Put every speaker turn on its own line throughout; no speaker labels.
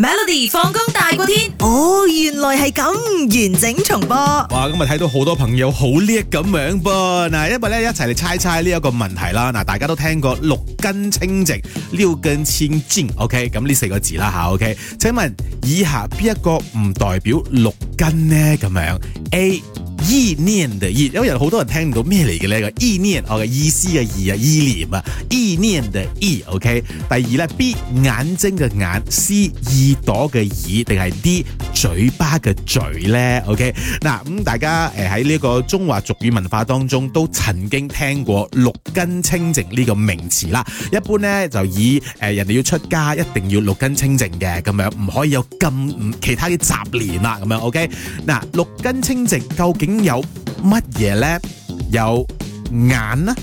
Melody 放工大過天，哦，原來係咁，完整重播。哇，今日睇到好多朋友好叻咁樣噃！嗱，因為咧一齊嚟，猜猜呢一個問題啦，嗱，大家都聽過六根清淨，六根清淨，OK，咁呢四個字啦吓，OK，請問以下邊一個唔代表六根呢？咁樣 A。意念的意，因為有人好多人聽唔到咩嚟嘅呢個意念，我嘅意思嘅意啊，意念啊，意念的意，OK。第二咧，B 眼睛嘅眼，C 耳朵嘅耳，定係 D。嘴巴嘅嘴呢，OK 嗱咁，大家誒喺呢個中華俗語文化當中都曾經聽過六根清淨呢個名詞啦。一般呢就以誒人哋要出家一定要六根清淨嘅，咁樣，唔可以有咁其他啲雜念啦咁樣。OK 嗱，六根清淨究竟有乜嘢呢？有眼啦，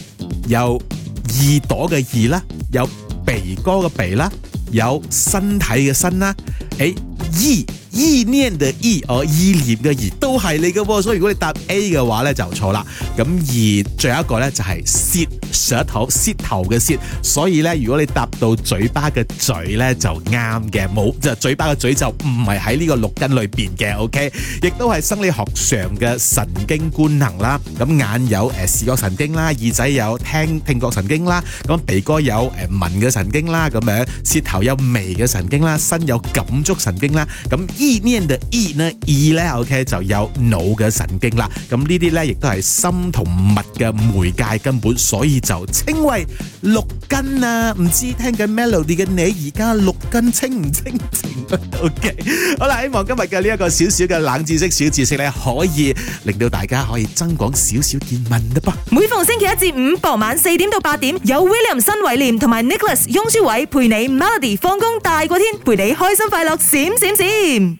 有耳朵嘅耳啦，有鼻哥嘅鼻啦，有身體嘅身啦，誒意。意念嘅意，我意念嘅意都係你嘅，哦，所以如果你答 A 嘅話咧就錯啦。咁而最後一個咧就係舌舌頭、舌頭嘅舌，所以咧如果你答到嘴巴嘅嘴咧就啱嘅，冇就嘴巴嘅嘴就唔係喺呢個六根裏邊嘅。OK，亦都係生理學上嘅神經官能啦。咁眼有誒視覺神經啦，耳仔有聽聽覺神經啦，咁鼻哥有誒聞嘅神經啦，咁樣舌頭有味嘅神經啦，身有感觸神經啦，咁 E 呢？E 咧，E 咧，OK 就有腦嘅神經啦。咁呢啲咧，亦都係心同物嘅媒介根本，所以就稱為六根啊。唔知聽緊 melody 嘅你而家六根清唔清淨？OK，好啦，希望今日嘅呢一個小小嘅冷知識、小知識咧，可以令到大家可以增廣少少見聞得噃。每逢星期一至五傍晚四點到八點，有 William 新偉廉同埋 Nicholas 雍舒偉陪你 melody 放工大過天，陪你開心快樂閃閃閃。